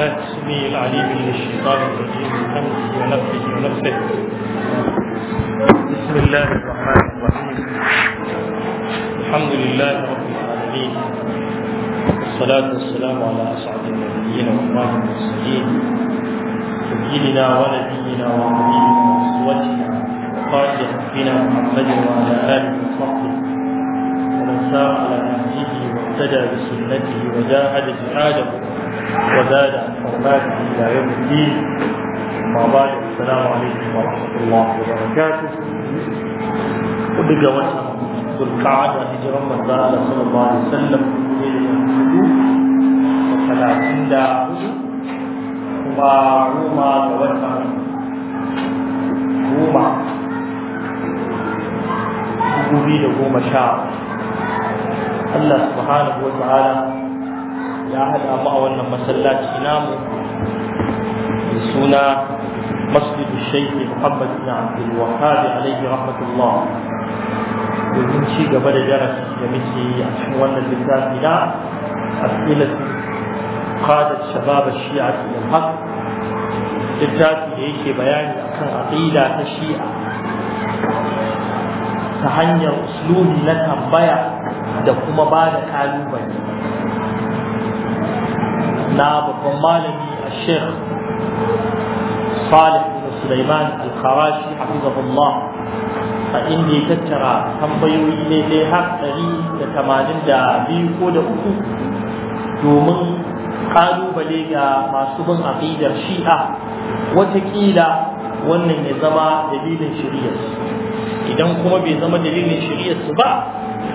الله السميع العليم من الشيطان الرجيم همزه ونفسه ونفسه بسم الله الرحمن الرحيم الحمد لله رب العالمين والصلاة والسلام على أسعد النبيين وإمام المرسلين سيدنا ونبينا وحبيبنا وأسوتنا وقائد ربنا محمد وعلى آله وصحبه ومن سار على نهجه واهتدى بسنته وجاهد جهاده وزاد عن حرماته إلى يوم الدين أما بعد السلام عليكم ورحمة الله وبركاته وبقى وسع ذو القعدة هجرة من صلى الله عليه وسلم وثلاثين دا وما وسع goma dubu biyu da goma sha Allah subhanahu wa ta'ala ya haɗa mu a wannan masallaci namu suna مسجد الشيخ محمد بن عبد الوهاب عليه رحمة domin ci gaba da darasi da muke a cikin wannan littafi na asilat qadat shabab shi'a ila haq littafi da yake bayani akan aqida ta shi'a ta hanyar uslubi na tambaya da kuma ba da kalubale na babban malami a sheikh salih da suleiman al-kharashi hafizahullah a inda ya tattara tambayoyi ne dai har ɗari da tamanin da biyu ko da uku domin ƙalubale ga masu bin aƙidar shi'a watakila wannan ya zama dalilin shiriyarsu idan kuma bai zama dalilin su ba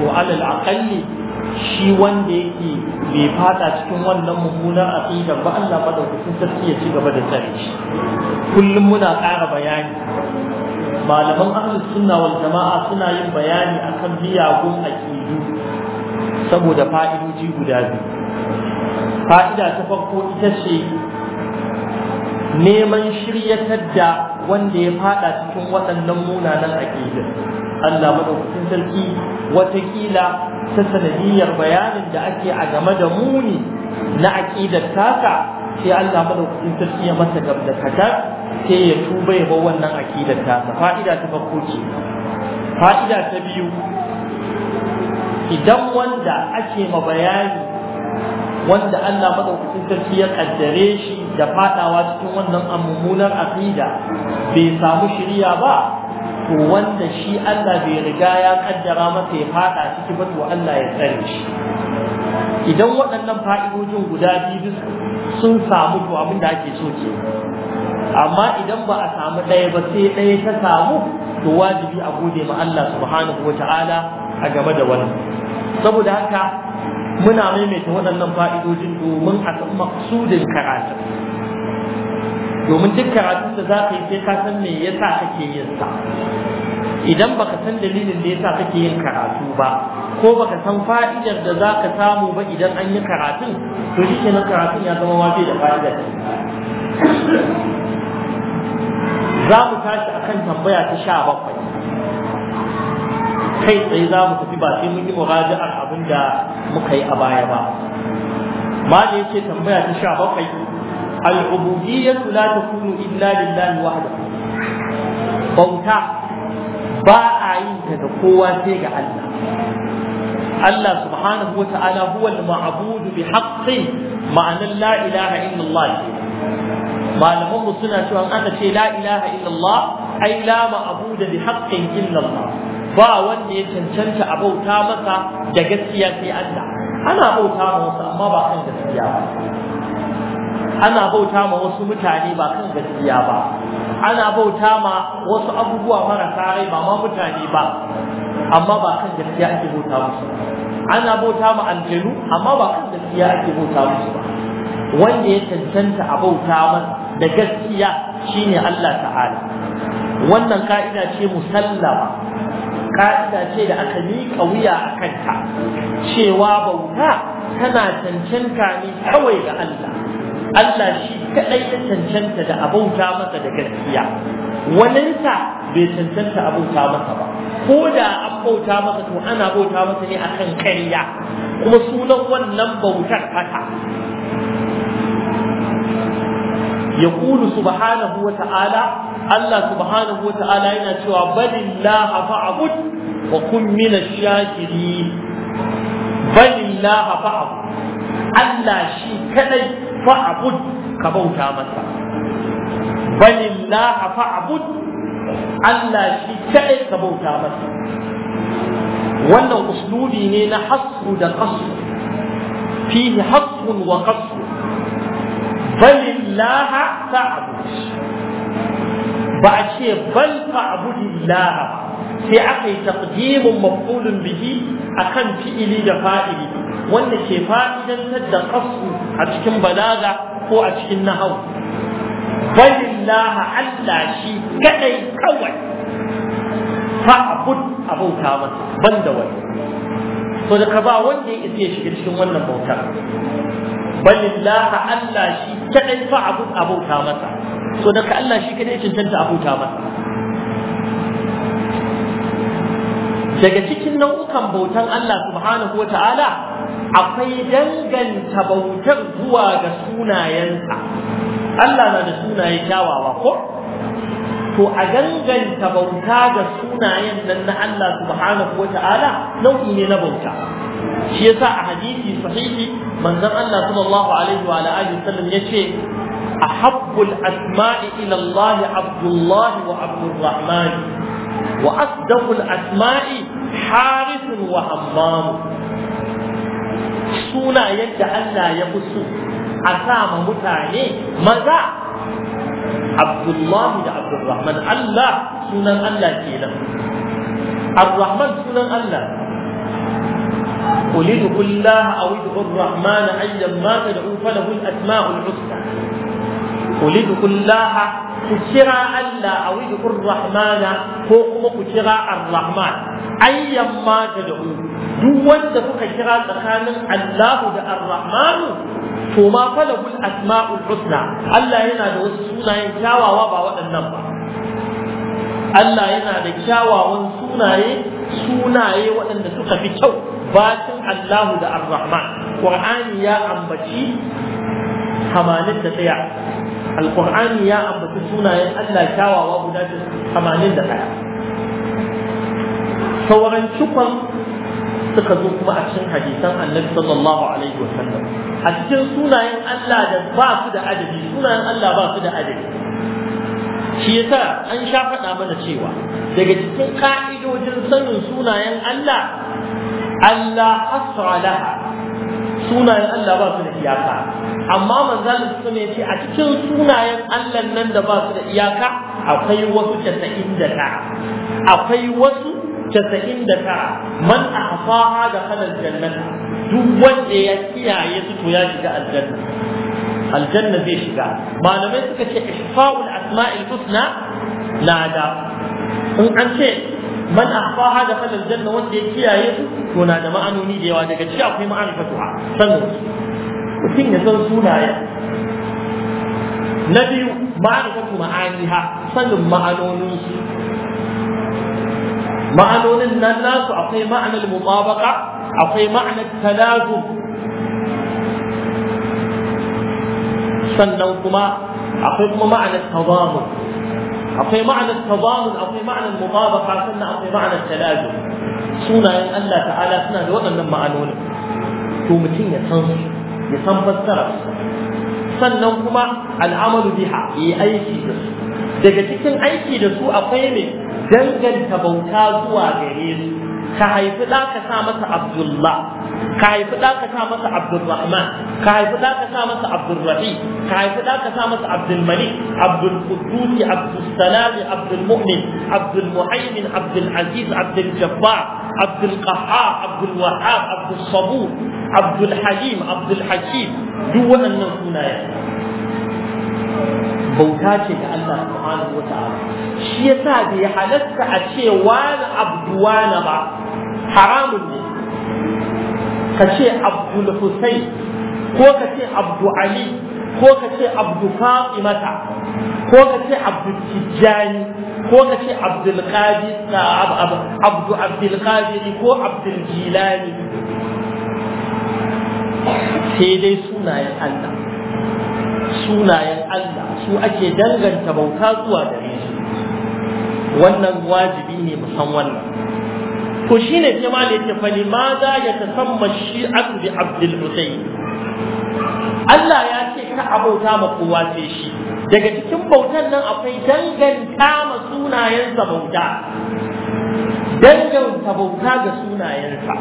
to alal aƙalli shi wanda yake bai fada cikin wannan mummunar aqidar ba Allah madaukakin sarki ya ci gaba da tsare kullum muna kara bayani malaman ahli sunna wal jama'a suna yin bayani akan biyagun aqidu saboda fa'idoji guda biyu fa'ida ta farko ita ce neman shiryatar da wanda ya fada cikin waɗannan munanan aƙidar Allah madaukakin sarki watakila ta sanadiyyar bayanin da ake a game da muni na aƙidar taka sai Allah madaukakin sarki ya masa gamdakatar sai ya tuba ya bar wannan aƙidar tasa fa'ida ta farko ce fa'ida ta biyu idan wanda ake ma bayani wanda Allah madaukakin sarki ya kaddare shi da fadawa cikin wannan mummunar aqida bai samu shiriya ba to wanda shi Allah bai riga ya kaddara masa ya fada ciki ba to Allah ya tsare shi idan waɗannan fa'idojin guda biyu sun samu to abin da ake so ke amma idan ba a samu ɗaya ba sai ɗaya ta samu to wajibi a gode ma Allah subhanahu wa ta'ala a game da wannan saboda haka muna maimaita waɗannan fa'idojin domin a san maksudin karatu domin duk karatun da za ka yi sai ka san me yasa kake yin sa idan baka san dalilin da yasa kake yin karatu ba ko baka san fa'idar da za ka samu ba idan an yi karatun to shi kenan karatun ya zama wafe da fa'idar za mu tashi akan tambaya ta sha bakwai kai tsaye za mu tafi ba sai mun yi a abin da muka yi a baya ba ma da yake tambaya ta sha bakwai al'ubudiyyatu la takunu illa lillahi wahdahu bauta ba a yin ta da kowa sai ga Allah Allah subhanahu wata'ala huwa mabudu bi haqqin ma'anan la ilaha illallah malaman mu suna cewa an aka ce la ilaha illallah ai la ma'budu bi haqqin illallah ba wanda ya cancanta a bauta masa da gaskiya sai Allah ana bauta masa amma ba kan gaskiya ba ana bauta ma wasu mutane ba kan gaskiya ba ana bauta ma wasu abubuwa marasa rai ba ma mutane ba amma ba kan gaskiya ake bauta musu ana bauta ma aljanu amma ba kan gaskiya ake bauta musu ba wanda ya cancanta a bauta masa da gaskiya shine Allah ta'ala wannan ka'ida ce musallama ka'ida ce da aka miƙa wuya a kanta cewa bauta tana cancanta ne kawai ga Allah Allah shi kaɗai ya cancanta da abauta masa da gaskiya waninsa bai cancanta abauta masa ba ko da an bauta masa to ana bauta masa ne akan ƙarya. kuma sunan wannan bautar fata ya kulu subhanahu wa ta'ala Allah subhanahu wa ta'ala yana cewa balillah fa'bud wa kun min ash-shakirin balillah fa'bud Allah shi kadai فاعبد كبوتا مسا بل الله فاعبد الله شيء شيء كبوتا مسا ولو اسلوبي هنا حصر قصر فيه حصر وقصر بل الله فاعبد بعشي بل فاعبد الله في عقل تقديم مفعول به أكن في إلي فائده wanda ke fa'idantar da kasu a cikin balaga ko a cikin nahau balillaha Allah shi kadai kawai fa'bud abauta masa banda wani da ka ba wanda ya isa ya shiga cikin wannan bauta balillaha Allah shi abauta masa da ka Allah shi abauta masa daga cikin nau'ukan bautan Allah subhanahu wa ta'ala akwai danganta bautar zuwa ga sunayensa Allah na da sunaye kyawawa ko to a danganta bauta ga sunayen nan na Allah subhanahu wata'ala nau'i ne na bauta shi yasa a hadisi sahihi manzon Allah sallallahu alaihi wa alihi sallam yace ahabbul asma'i ila Allah Abdullah wa Abdurrahman wa asdaqul asma'i Harith wa Hammam sunayen da Allah ya fi so a sama mutane maza Abdullahi da Abdurrahman Allah sunan Allah kenan Abdurrahman sunan Allah قل ادعوا الله او ادعوا الرحمن ايا ما تدعوا فله الاسماء الحسنى قل ادعوا الله ku kira Allah a widukur rahmana ko kuma ku kira ar-rahman ayyan ma da da'u duk wanda kuka kira tsakanin Allahu da ar-rahman to ma falahul asma'ul husna Allah yana da wasu sunayen kyawawa ba waɗannan ba Allah yana da kyawawan sunaye sunaye waɗanda suka fi kyau bacin Allahu da ar-rahman Qur'ani ya ambaci da tsaya. alqur'ani ya ambaci sunayen Allah kyawawa guda da 81 sauran cikon suka zo kuma a cikin hadisan annabi sallallahu alaihi wa sallam a cikin sunayen Allah da ba su da adadi sunayen Allah ba su da adadi shi yasa an sha faɗa mana cewa daga cikin ka'idojin sanin sunayen Allah Allah hasra laha sunayen Allah ba su da iyaka amma manzalin su ne ce a cikin sunayen Allah nan da ba su da iyaka akwai wasu casa'in da ta. akwai wasu casa'in da tara man a hafaha da halar jannata duk wanda ya kiyaye su to ya shiga aljanna aljanna zai shiga malamai suka ce ihfa'ul asma'il husna na da in an ce man a hafaha da halar janna wanda ya kiyaye su suna da ma'anoni da yawa daga ciki akwai ma'arifatuha sanin mutum ya san sunayen na biyu ma'arifatu ma'aniha sanin ma'anonin su ma'anonin nan nasu akwai ma'anar mutabaka akwai ma'anar talazu sannan kuma akwai kuma ma'anar tazamun akwai ma'anar tazamun akwai ma'anar mutabaka sannan akwai ma'anar talazu sunayen Allah ta'ala suna da waɗannan ma'anonin to mutum ya san su ya san fassara sannan kuma al'amalu biha yi aiki da su daga cikin aiki da su akwai ne danganta bauta zuwa gare su ka haifi ɗa ka sa masa abdullah ka haifi ɗa ka sa masa abdulrahman ka haifi ɗa ka sa masa abdulrahi ka haifi ɗa ka sa masa abdulmalik abdulqudusi abdulsalami abdulmu'min abdulmuhaimin abdulaziz abduljabbar abdulqahhar abdulwahab abdulsabur abdulhalim abdulhakim duk waɗannan sunayen bauta ce ga Allah subhanahu wa ta'ala shi yasa bai halatta a ce wani abdu wani ba haramun ne ka ce abdul husayn ko ka ce abdu ali ko ka ce abdu fatimata ko ka ce abdu tijjani ko ka ce abdul qadi abdu abdul qadiri ko abdul jilani sai dai sunayen Allah sunayen Allah su ake danganta bauta zuwa gare shi wannan wajibi ne musan wannan ko shine sai ma ne fa limaza ya tasamma shi'atu bi abdul husayn Allah ya ce ka abauta ma kowa sai shi daga cikin bautan nan akwai danganta ma sunayensa bauta danganta bauta ga sunayensa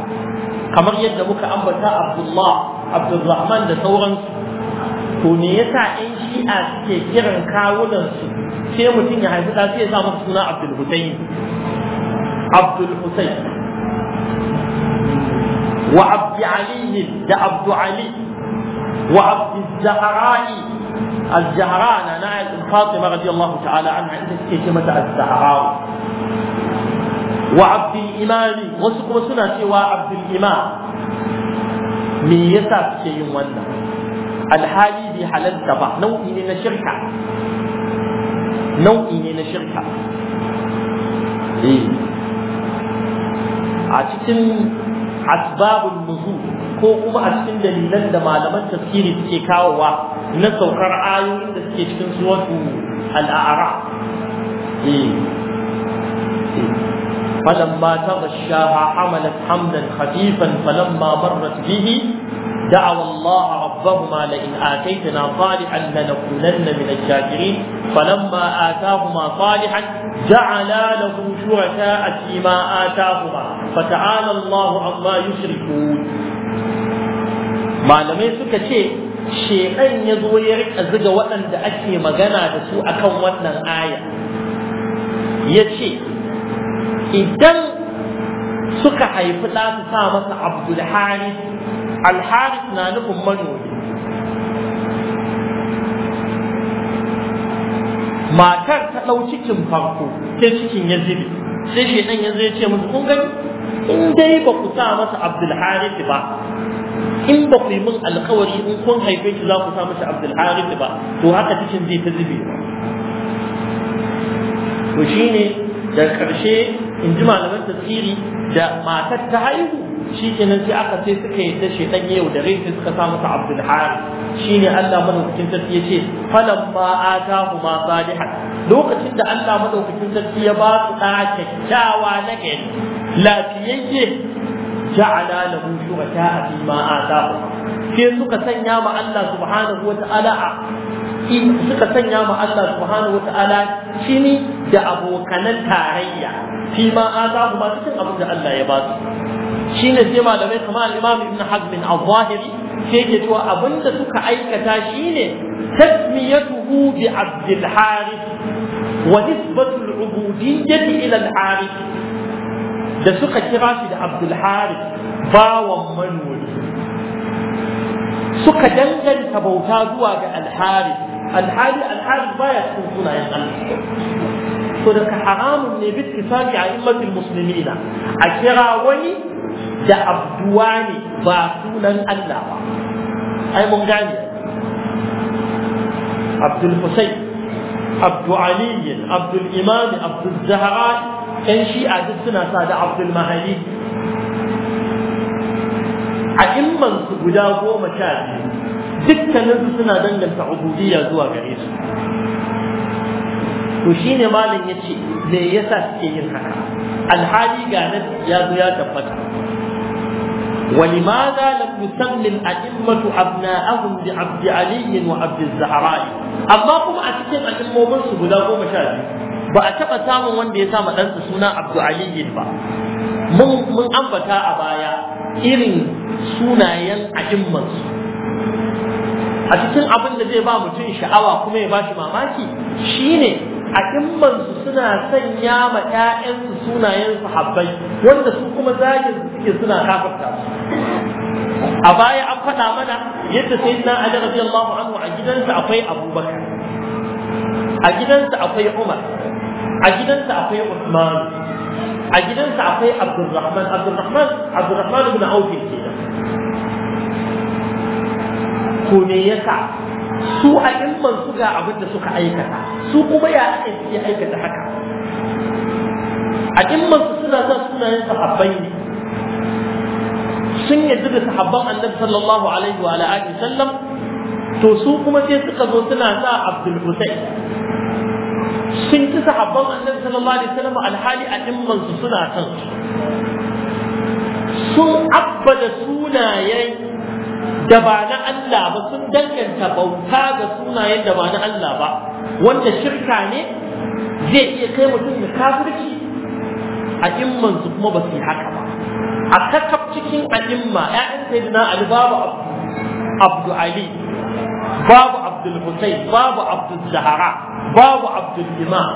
kamar yadda muka ambata Abdullah Abdulrahman da sauransu to me yasa 'yan shi'a suke kiran kawunansu sai mutum ya haifi ɗa ya sa masa suna Abdul Hussein Abdul وعبد علي عبد علي وعبد الزهراء الزهراء أنا فاطمة رضي الله تعالى عنها عندك كلمة الزهراء وعبد الإمام وسق وسنة سوى عبد الإمام من يسر شيء ونا الحالي بحال تبع نوعي من شركة نوعي من شركة إيه. asbabun nuzul ko kuma a cikin dalilan da malaman tafsiri suke kawowa na saukar ayoyin da suke cikin suratu al-a'raf فلما تغشاها حملت حملا خفيفا فلما مرت به دعوا الله ربهما لئن آتيتنا صالحا لنكونن من الشاكرين فلما آتاهما صالحا جعلا له شركاء فيما آتاهما فتعالى الله عما يشركون ما لم يسك shekan ya zo ya rika ziga waɗanda ake magana da su akan wannan aya ya ce idan suka haifi ɗa su sa masa abdulharis alharis na nufin manomi matar ta ɗau cikin farko sai cikin ya zibi sai shi ɗan ya ce musu kun gani in dai ba ku sa masa abdulharith ba in ba ku yi alkawari in kun haife shi za ku sa masa abdulharis ba to haka cikin zai ta zibi to shine da ƙarshe in ji malaman tasiri da matar ta haihu shi kenan sai aka ce suka yi ta shedan yau da rai suka sa masa abdul Shi ne Allah madaukakin sarki ya ce falan a atahu ma salihan lokacin da Allah madaukakin sarki ya ba su da kyakkyawa na gari lafiyayye ja'ala lahu a fi ma a atahu sai suka sanya ma Allah subhanahu wata'ala a suka sanya ma Allah subhanahu shi ne da abokanan tarayya fi ma a atahu ma cikin abin da Allah ya ba su shine sai malamai kamar al-Imam Ibn Hazm al-Zahiri sai yake cewa abinda suka aikata shine tasmiyatuhu bi Abdul Harith wa nisbatu al-ubudiyyah ila al-Harith da suka kira shi da Abdul Harith bawan manuri suka danganta bauta zuwa ga al-Harith al-Harith al-Harith baya cikin sunayen Allah to da haramun ne bi ittifaqi a'immatul muslimina a kira wani da abduwa ne ba sunan Allah ba ai mun gane Abdul Husayn Abdul Ali Abdul Imam Abdul Zahra ɗan a duk suna sa da Abdul Mahali a imman su guda goma sha biyu dukkanin su suna danganta ubudiyya zuwa gare su to shine malam yace me yasa suke yin haka alhali ga nan ya zo ya tabbata ولماذا لم يسمي الأئمة أبناءهم لعبد علي وعبد الزهراء أما كما أتكلم عن المؤمن سبلا قوم شادي بأتبع سامو وان دي سامو أنت سنة عبد علي با من من أنبتا أبايا إرن سنة ين أئمة a cikin abin da zai ba mutum sha'awa kuma ya ba shi mamaki shine a su suna sanya ma ƴaƴansu sunayen su sahabbai wanda su kuma zagin suke suna kafirta a baya an faɗa mana yadda sai sayyidina Ali radiyallahu anhu a gidansa akwai Abubakar a gidansa akwai Umar a gidansa akwai Usman, a gidansa akwai Abdulrahman Abdulrahman Abdulrahman ibn Auf kenan ko me yasa su a ilman su ga abin da suka aikata su kuma ya aka suke aikata haka a imman su suna sa sunayen sahabbai ne sun yadda da sahabban annabi sallallahu alaihi wa alihi sallam to su kuma sai suka zo suna sa abdul husayn sun ci sahabban annabi sallallahu alaihi wasallam alhali a imman su suna san sun abba da sunayen da ba na Allah ba sun danganta bauta ga sunayen da ba na Allah ba wanda shirka ne zai iya kai mutum ya kafirci a imman su kuma ba su yi haka ba a kakaf cikin al'imma 'ya'yan sayyidina Ali babu Abdu Ali babu Abdul Hussein babu Abdul Zahara babu Abdul Imam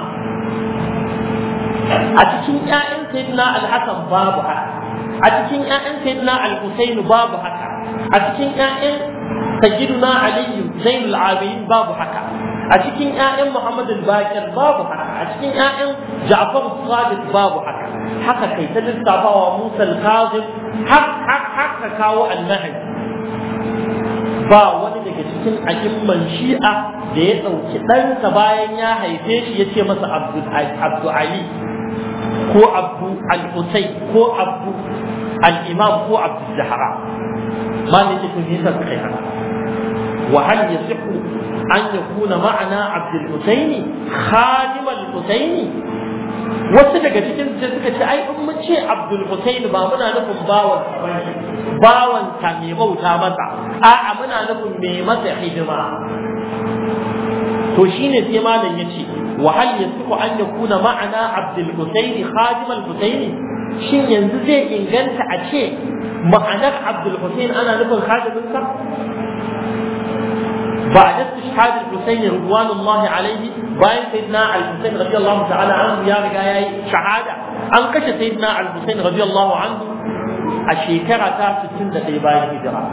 a cikin ƴaƴan sayyidina Al-Hasan babu haka a cikin ƴaƴan sayyidina Al-Husayn babu haka a cikin ƴaƴan sayyiduna Aliyu, zainul abidin babu haka a cikin ƴaƴan muhammad al-baqir babu haka a cikin ƴaƴan ja'far sadiq babu haka haka kai ta lissafawa musa al-kazim har kawo annahi ba wani daga cikin a'imman shi'a da ya ɗauki ɗansa bayan ya haife shi ya ce masa abdu ali ko abdu al-husayn ko abdu al-imam ko abdu zahra ma ne ke to ne sa kai haka وهل يصح أن يكون معنى عبد الحسين خادم الحسين wasu daga cikin da suka ce ai in mun ce Abdul Hussein ba muna nufin bawan bawan ta mai bauta masa a'a muna nufin mai masa hidima to shine sai malam yace wa hal yasiku an yakuna ma'ana Abdul Hussein khadim shin yanzu zai inganta a ce ma'anar Abdul ana nufin khadimin بعد استشهاد الحسين رضوان الله عليه باين سيدنا الحسين رضي الله تعالى عنه يا رجاي شهادة انقش سيدنا الحسين رضي الله عنه الشيكرة تا 60 دقيقة هجرة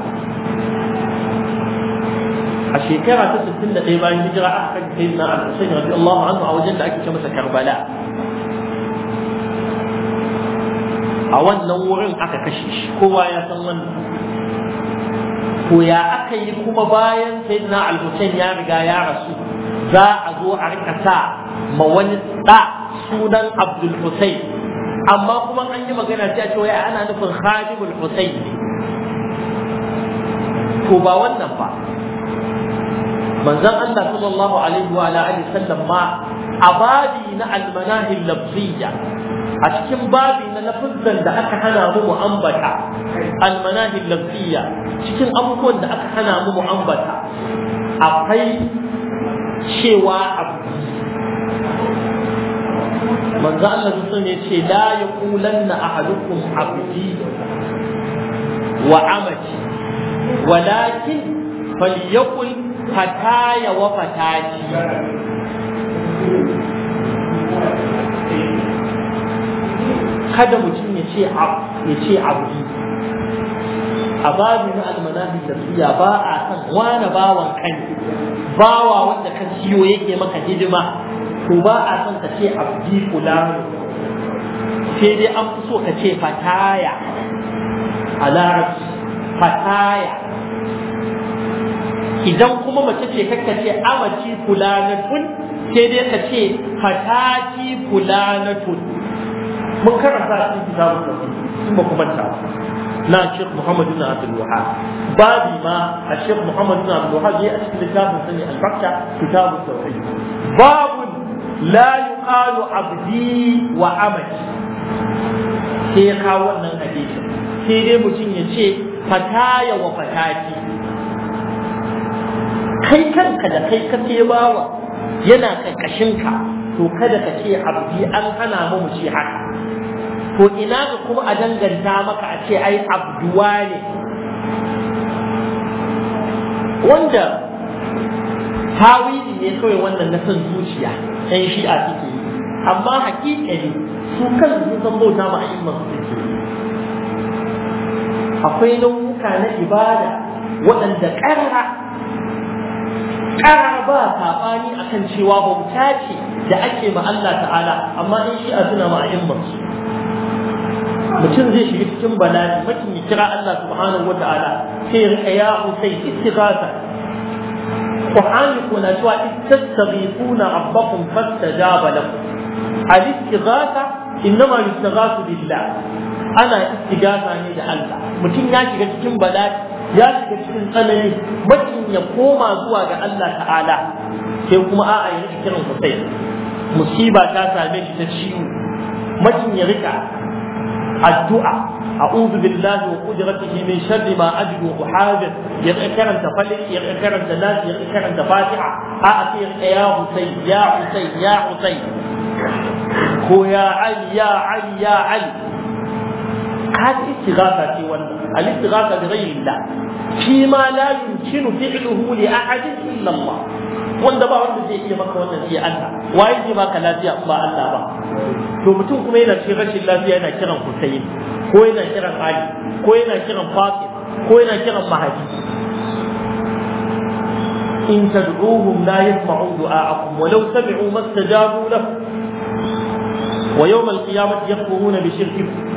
الشيكرة تا 60 دقيقة هجرة أحكي سيدنا الحسين رضي الله عنه أو جل أكي شمس كربلاء أولا نورين أكا كشيش هو يا to ya aka yi kuma bayan sayyidina al-Husayn ya riga ya rasu za a zo a rika sa ma wani da sunan Abdul Husayn amma kuma an yi magana cewa wai ana nufin Khadimul Husayn to ba wannan ba manzon Allah sallallahu alaihi wa alihi sallam ma abadi na Almanahil manahil a cikin babi na lafizan da aka hana mu mu'ambata almanahin lafiya cikin abubuwan da aka hana mu mu'ambata akwai cewa abu manzo Allah sun ya ce la yaqulanna ahadukum abdi wa amati walakin falyaqul fataya wa fatati kada mutum ya ce ya ce abdi a babu na almanahi tafiya ba a san wane bawan kan bawa wanda kan siyo yake maka hidima to ba a san ka ce abdi fulani sai dai an fi so ka ce fataya a larabci fataya idan kuma mace ce kakka ce amaci fulanatun sai dai ka ce fatati fulanatun mun karanta a cikin kitabun tauhid in ba kuma ta na Sheikh Muhammad bin Abdul Wahhab babi ma a Sheikh Muhammad bin Abdul Wahhab ya cikin littafin sani al-Bakka kitabun tauhid babun la yuqalu abdi wa amali sai ya kawo wannan hadisi sai dai mutum ya ce fataya wa fatati kai kanka da kai kake bawa yana karkashin ka to kada ka ce abdi an hana mu mu ce haka to ina ga kuma a danganta maka a ce ai abduwa ne wanda tawili ne kawai wannan na son zuciya ɗan shi'a suke yi amma hakikali su kan sun san bauta ma a imman su suke yi akwai nau'uka na ibada waɗanda ƙarra ƙarar ba saɓani akan cewa bauta ce da ake ma Allah ta'ala amma in shi'a suna ma a'imman mutum zai shiga cikin bala'i mutum ya kira Allah subhanahu wa ta'ala sai ya rika ya sai istighasa Qur'ani ko na cewa istastaghifuna rabbakum fastajaba lakum al-istighatha innama yustaghathu billah ana istighatha ne da Allah mutum ya shiga cikin bala'i ya shiga cikin tsanani bakin ya koma zuwa ga Allah ta'ala sai kuma a'a ya rika kiran Hussein musiba ta same shi ta ciwo makin ya rika addu'a a'udhu billahi wa qudratihi min sharri ma ajidu uhadir ya karanta falik ya karanta nas ya karanta fatiha a'a sai ya Hussein ya Hussein ya Hussein ko ya Ali ya Ali ya Ali ka ci gata ce wannan الاستغاثة بغير الله فيما لا يمكن فعله لأحد إلا الله وان دبا وان دي ايه بك وان دي الله وان دي باك لا دي أطبع الله بك تو متون الله دي ينا كرم حسين كو ينا كرم علي كو ينا كرم فاطم كو ينا كرم مهدي إن تدعوهم لا يسمعوا دعاءكم ولو سمعوا ما استجابوا له ويوم القيامة يكفرون بشرككم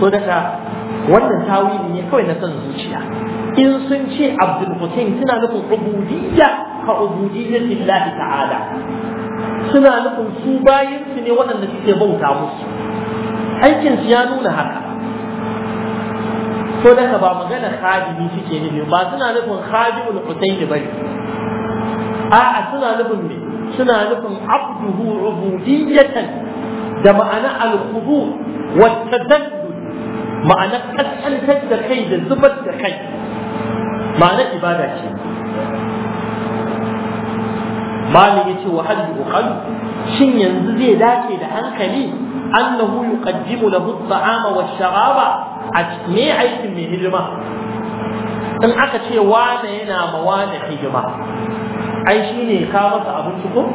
so daga wannan tawili ne kawai na son zuciya in sun ce abdul hussein suna nufin ubudiyya ka ubudiyyar lillahi ta'ala suna nufin su bayin su ne waɗanda suke bauta musu aikin su ya nuna haka so daga ba magana khadimi suke nufi ba suna nufin khadimul hussein bane a'a suna nufin ne suna nufin abduhu ubudiyatan da ma'ana al-khudu wa tadad ma'ana ƙasƙantar da kai da zubar da kai ma'ana ibada ce malin ya ce wa hajji shin yanzu zai dace da hankali annahu yuqaddimu lahu at-ta'ama wash-sharaba a me aikin mai hidima in aka ce wane yana ma wane hidima ai shine ka masa abinci ko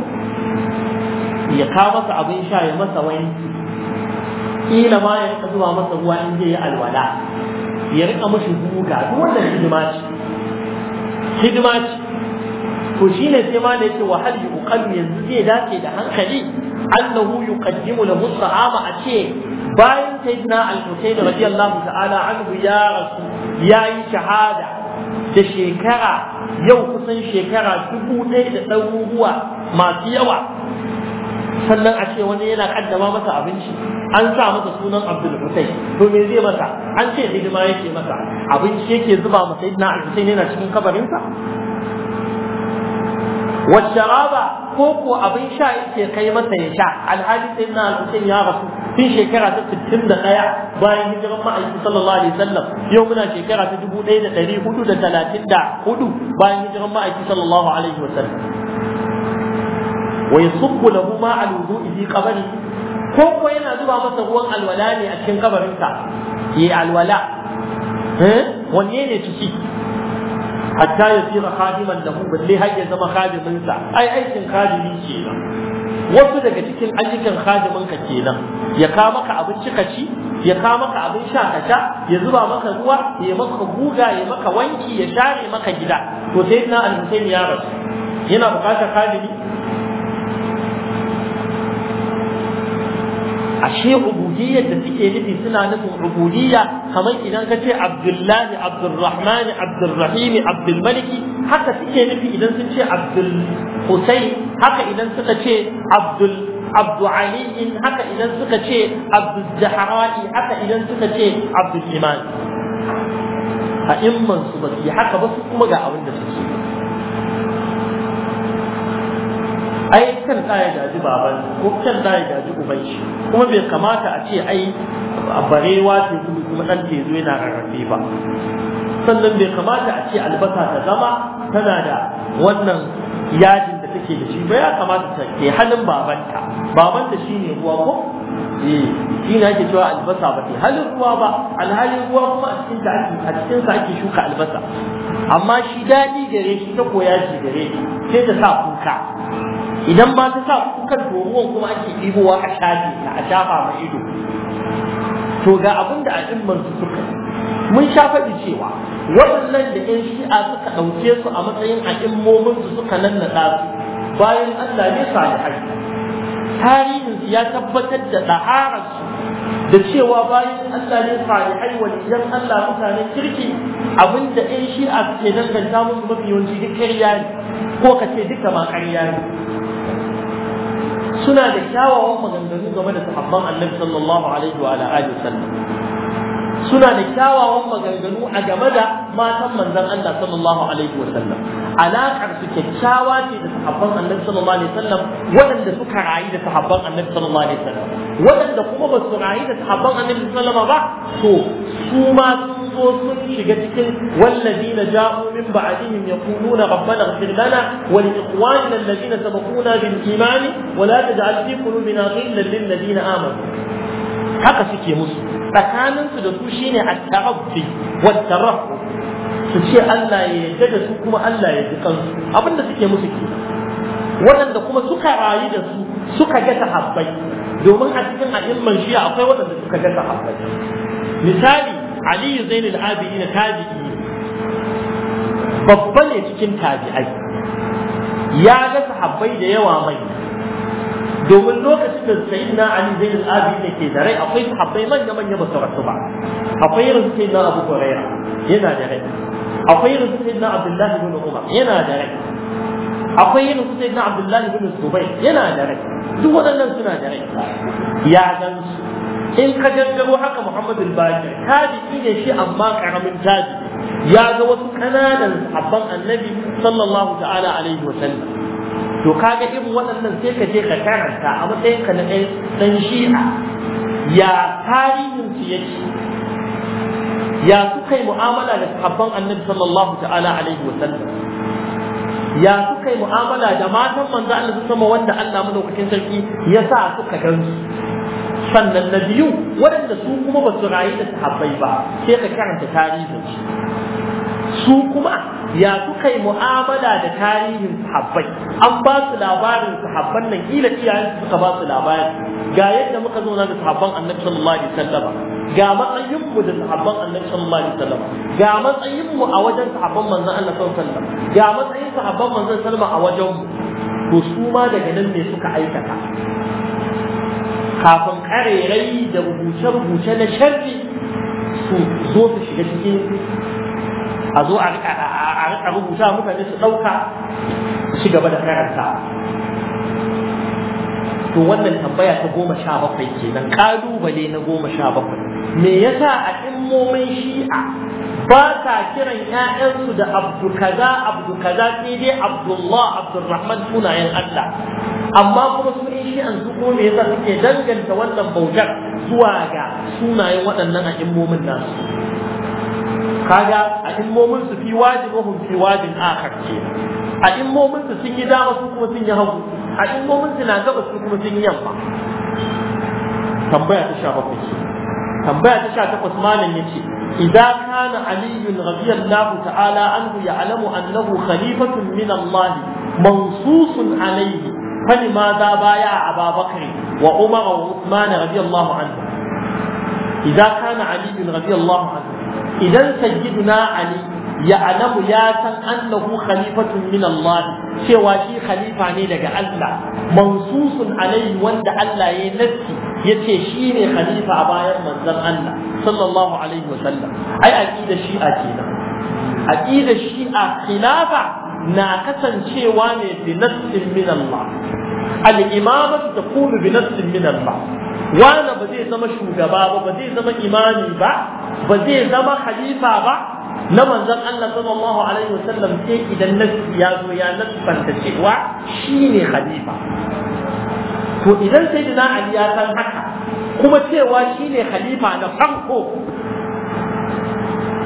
ya ka masa abin sha ya masa wani kila ma ya rika zuba masa ruwa in zai yi alwala ya rika mashi guga duk wannan hidima ce hidima ce to shine sai ma da yake wahal yuqal yanzu zai dace da hankali annahu yuqaddimu lahu sahaba a ce bayan sayyidina al-husayn radiyallahu ta'ala anhu ya rasu yayi shahada da shekara yau kusan shekara dubu ɗaya da ɗaruruwa masu yawa sannan a ce wani yana kaddama masa abinci an sa masa sunan abdul hutai to me zai masa an ce hidima yake masa abinci yake zuba masa idna al-husain yana cikin kabarinsa washaraba ko ko abin sha yake kai masa ya sha alhali sai na al-husain ya rasu tun shekara ta 61 bayan hijiran ma'aiki sallallahu alaihi wasallam yau muna shekara ta 1434 bayan hijiran ma'aiki sallallahu alaihi wasallam Wai yasubbu lahu ma al fi qabri ko ko yana zuba masa ruwan alwala ne a cikin kabarinsa yi alwala eh wanne ne ciki hatta ya tsira khadiman da mu balle har ya zama khadimin sa ai aikin khadimi kenan wasu daga cikin ayyukan khadimin ka kenan ya ka maka abinci ka ci ya ka maka abin sha ka sha ya zuba maka ruwa ya maka guga ya maka wanki ya share maka gida to sai na al-husaini ya rasu yana bukatar khadimi ashe ubudiyyar da suke nufi suna nufin ubudiyya kamar idan ka ce abdullahi abdurrahman abdurrahim abdulmaliki haka suke nufi idan sun ce abdul husayn haka idan suka ce abdul abdu ali haka idan suka ce abdul zahra'i haka idan suka ce abdul iman a imman su ba su yi haka ba su kuma ga abin da suke ai kan da ya gaji baban ko kan da gaji kuma bai kamata a ce ai barewa ce kuma kuma dan ce zo yana rarrafe ba sannan bai kamata a ce albasa ta zama tana da wannan yajin da take da shi ba ya kamata ta ke halin babanta babanta shine ruwa ko eh, shi ne ake cewa albasa ba ke halin ruwa ba alhalin ruwa kuma a cikin ta a cikin sa ake shuka albasa amma shi daɗi gare shi ta koya shi gare shi sai ta sa kuka idan ba ta sa kukan doruwan kuma ake ɗibowa a shafi ta a shafa ma ido to ga abin da al'ummar su suka mun sha faɗi cewa waɗannan da ƴan shi'a suka ɗauke su a matsayin al'ummomin su suka nannaɗa su bayan Allah ne salihai tarihin su ya tabbatar da ɗaharar da cewa bayan Allah ne salihai idan Allah mutanen kirki abinda ƴan shi'a suke danganta musu mafi yawanci duk ƙarya ko ka ce duka ma ƙarya suna da kyawawan maganganu game da sahabban annabi sallallahu alaihi wa alihi sallam suna da kyawawan maganganu a game da matan manzon Allah sallallahu alaihi wa wasallam alaƙar su kyakkyawa ce da sahabban annabi sallallahu alaihi wa sallam waɗanda suka rayu da sahabban annabi sallallahu alaihi wa sallam waɗanda kuma ba su rayu da sahabban annabi sallallahu alaihi wasallam ba to su ma zo sun shiga cikin wallazina ja'u min ba'dihim yaquluna rabbana ighfir lana wa li ikhwanina alladhina sabaquna bil imani wa la taj'al fi qulubina ghillan lil ladina amanu haka suke musu tsakaninsu da su shine at-ta'abbi wa su ce Allah ya yarda da su kuma Allah ya ji kansu abinda suke musu kenan waɗanda kuma suka rayu da su suka ga sahabbai domin a cikin a'imman shiya akwai waɗanda suka ga sahabbai misali ali zainul abidin tabi'i babba ne cikin tabi'ai ya ga sahabbai da yawa mai domin lokacin da sayyidina ali zainul abidin ke da rai akwai sahabbai manya manya ba su rasu ba akwai irin na abu hurairah yana da rai akwai irin na abdullahi ibn umar yana da rai akwai yin su na abdullahi bin zubai yana da rai duk waɗannan suna da rai ya gan su in ka gangaro haka muhammadu bakir tabi'i ne shi amma karamin tabi ya ga wasu kananan abban annabi sallallahu ta'ala alaihi wa sallam to kaga irin waɗannan sai ka je ka karanta a matsayin ka na ɗan shi'a ya tarihin su yake ya suka yi mu'amala da sahabban annabi sallallahu ta'ala alaihi wa sallam ya suka yi mu'amala da matan manzo Allah su sama wanda Allah madaukakin sarki ya sa suka gansu sannan na biyu waɗanda su kuma ba su rayu da sahabbai ba sai ka karanta tarihin su kuma ya suka yi mu'amala da tarihin sahabbai an ba su labarin sahabban nan kila iyayen su suka ba su labarin? ga yadda muka zo na da sahabban annabi sallallahu alaihi wasallam ga matsayin mu da sahabban annabi sallallahu alaihi wasallam ga matsayin mu a wajen sahabban manzon Allah sallallahu alaihi wasallam ga matsayin sahabban manzon sallallahu alaihi wasallam a wajen mu to su ma daga nan ne suka aikata kafin karerai da rubuce-rubuce na sharri su zo su shiga cikin a zo a rubuta mutane su ɗauka su gaba da karanta to wannan tambaya ta goma sha bakwai kenan kalubale na goma sha bakwai me yasa a ilmomin shi'a ba sa kiran 'ya'yansu da abdu kaza abdu kaza sai dai abdullah abdurrahman sunayen allah amma kuma su in shi an su me yasa suke danganta wannan bautar zuwa ga sunayen waɗannan a'immomin nasu kaga a'immomin su fi wajibuhum fi wajin akhar ce a'immomin su sun yi dama su kuma sun yi hagu a a'immomin su na gaba su kuma sun yi yamma tambaya ta sha bakwai tambaya ta sha takwas malam yace إذا كان علي رضي الله تعالى Anhu, Ya'lamu, Annahu, Khalifatun, من الله Mansusun, عليه فلماذا بايع أبا بكر وعمر وعثمان رضي الله عنه إذا كان علي رضي الله عنه إذا سيدنا علي يعلم ياسن أنه خليفة من الله شواشي خليفة نيلك الله منصوص عليه وند الله ينسي يتشيني خليفة أبايا منزل الله صلى الله عليه وسلم أي أكيد الشيعة كينا أكيد الشيعة خلافة na kasancewa ne bi nassin min Allah al-imamatu takunu bi nassin min Allah wani ba zai zama shugaba ba ba zai zama imami ba ba zai zama khalifa ba na manzon Allah sallallahu alaihi wasallam sai idan nassi ya zo ya nassanta cewa shine khalifa to idan sai da Ali ya san haka kuma cewa shine khalifa na farko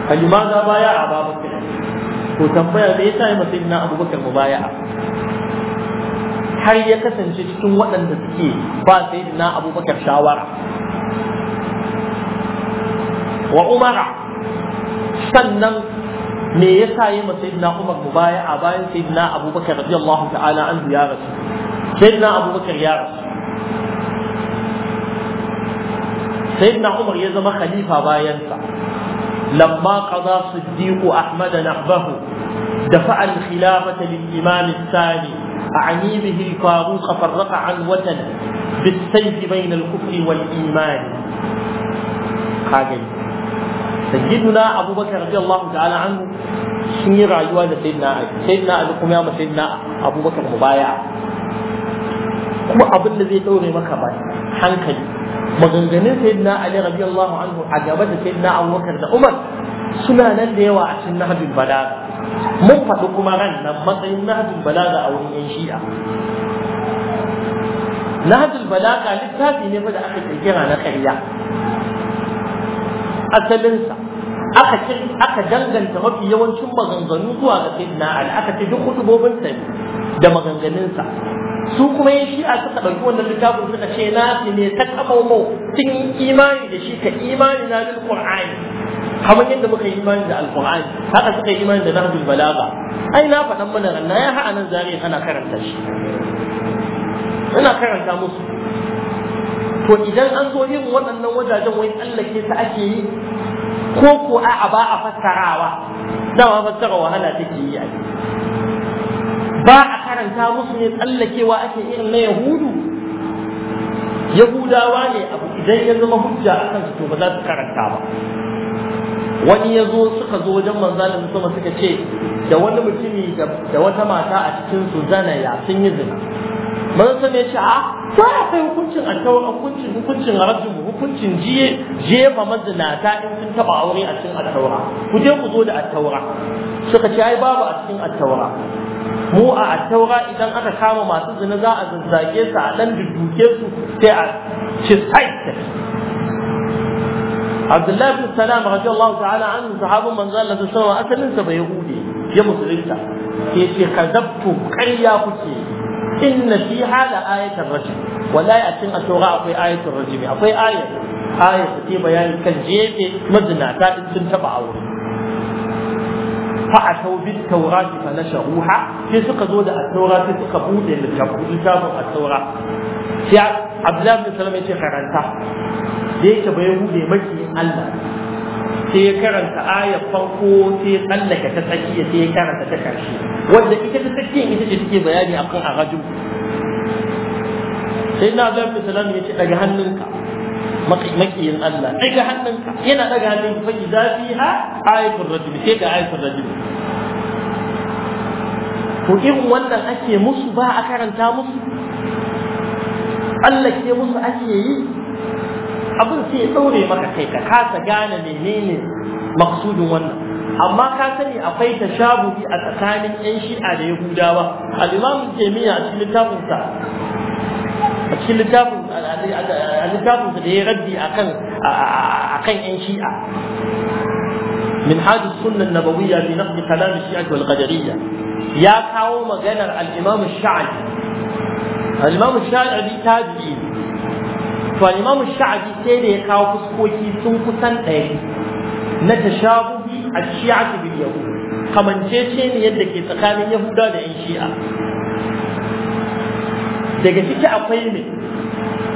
kalimaza baya a babu to tambaya me yasa ya masa ibn abubakar mubaya'a har ya kasance cikin waɗanda suke ba sai na abubakar shawara wa umara sannan me yasa ya masa ibn umar mubaya'a bayan sayyidina abubakar radiyallahu ta'ala anhu ya rasu sayyidina abubakar ya rasu sayyidina umar ya zama khalifa bayansa لما قضى صديق أحمد نحبه دفع الخلافة للإمام الثاني أعني به الفاروق فرق عن وطن بالسيف بين الكفر والإيمان سيدنا أبو بكر رضي الله تعالى عنه شنير عيوة سيدنا سيدنا أبو قميامة سيدنا أبو بكر مبايع أبو abin da zai ɗaure maka maganganun sayyidina ali radiyallahu anhu a gaba da sayyidina abubakar da umar suna nan da yawa a cikin nahjul balaga mun faɗi kuma ran nan matsayin nahjul balaga a wurin yan shi'a nahjul balaga littafi ne fa da aka kirkira na ƙarya asalinsa aka ce aka danganta mafi yawancin maganganu zuwa ga sayyidina ali aka ce duk hutubobin sa da maganganun sa su kuma yin shi'a suka ɗauki wannan littafin suka ce na su ne ta mu sun yi imani da shi ka imani na bil qur'ani kamar yadda muka yi imani da alqur'ani haka suka yi imani da haɗu balaga ai na faɗan mana ranna ya ha'a nan zare ana karanta shi ina karanta musu to idan an zo yin waɗannan wajajen wai tsallake ta ake yi ko ko a ba a fassarawa dama fassara wahala take yi a ba a karanta musu ne tsallakewa ake irin na yahudu yahudawa ne abu idan ya zama hujja a kansu to ba za su karanta ba wani ya zo suka zo wajen manzalin musamman suka ce da wani mutumi da wata mata a cikin su zanaya sun yi zina manzon sama ya ce a ba a kai hukuncin alkawar hukuncin hukuncin rajin hukuncin jiye jefa mazinata in sun taɓa aure a cikin attaura ku je ku zo da attaura. suka ce ai babu a cikin attaura. mu a taura idan aka kama masu zina za a zazzage su a dan duduke su sai a ci sai Abdullahi bin Salam radiyallahu ta'ala anhu sahabban manzo Allah sallallahu alaihi asalin sa bai hude ya musulunta yace kadabtu ƙarya kuke inna fi hada ayatul rajm wallahi a cikin asaura akwai ayatul rajm akwai ayat ayat ta bayani kan jefe mazinata in sun taba aure فأتوا بالتوراة فنشروها في سقة التوراة في سقة بوضع للكتاب sai في عبد الله بن سلام يشي قرنتا ليش بيهودي مجي الله sai ya karanta ayar farko sai ya tsallaka ta tsakiya sai ya karanta ta karshe wanda ita ta tsakiya ita ce take bayani akan arajul sai na zai fi ya ce daga hannunka makiyin Allah sai daga hannunka yana daga hannun fa idza fiha ayatul rajul sai ga ayatul rajul to irin wannan ake musu ba a karanta musu Allah ke musu ake yi abin sai ya daure maka kai ka kasa gane menene maksudin wannan amma ka sani akwai ta tashabuhi a tsakanin yan shi'a da yahudawa al-imam taymiya a cikin littafinsa a cikin littafin a littafin da ya raddi akan akan yan shi'a min hadu sunnah nabawiyya fi naqd kalam shi'a wal qadariyya ya kawo maganar al-imam sha'abi al-imam sha'abi tabi'i to al-imam sha'abi sai da ya kawo fuskoki sun kusan ɗaya na tashabuhi a shi'a bil yahud kamancece ne yadda ke tsakanin yahuda da yan shi'a daga ciki akwai ne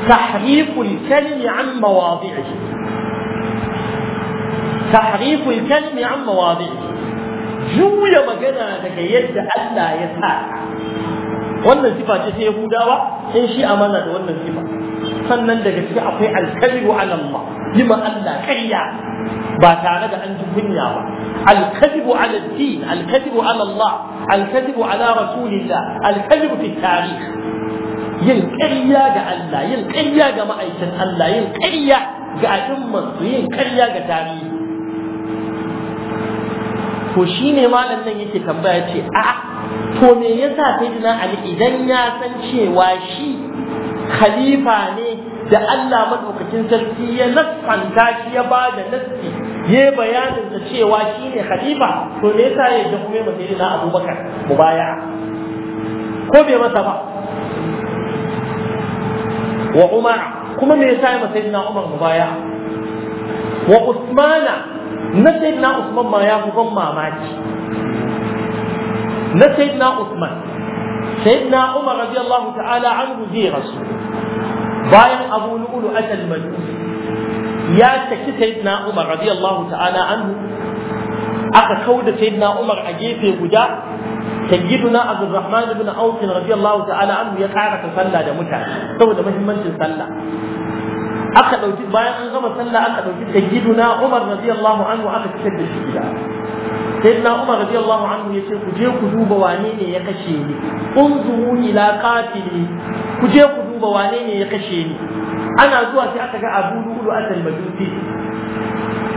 tahriful kalmi an mawadi'i tahriful kalmi an mawadi'i juya magana daga yadda Allah ya sa wannan sifa ce ta Yahudawa sai shi amana da wannan sifa sannan daga ciki akwai al alkalibu ala Allah bima Allah ƙarya ba tare da an ji kunya ba على الدين الكذب على الله الكذب على رسول الله الكذب في التاريخ yin ƙarya ga Allah yin ƙarya ga ma'aikatan Allah yin ƙarya ga al'ummarsu yin ƙarya ga tarihi to ne malam nan yake tambaya ce a to me yasa sayyidina Ali idan ya san cewa shi khalifa ne da Allah madaukakin sarki ya nassanta shi ya ba da nassi ya bayanin da cewa shi ne khalifa to me yasa ya da kuma ba sayyidina Abubakar baya? ko bai masa ba wa umar kuma me yasa ya sayyidina umar mubaya wa usmana na sayyidina usman ma ya fi ban mamaki na sayyidina usman sayyidina umar radiyallahu ta'ala anhu zai rasu bayan abu lu'ulu atal majusi ya saki sayyidina umar radiyallahu ta'ala anhu aka kauda sayyidina umar a gefe guda sayyiduna abdurrahman ibn auf radiyallahu ta'ala anhu ya karata sallah da mutane saboda muhimmancin sallah aka dauki bayan an gama sallah aka dauki sayyiduna umar radiyallahu anhu aka fitar da shi gida sayyidina umar radiyallahu anhu yace ku je ku duba wane ne ya kashe ni unzuru ila qatili ku je ku duba wane ne ya kashe ni ana zuwa sai aka ga abu lulu asal majusi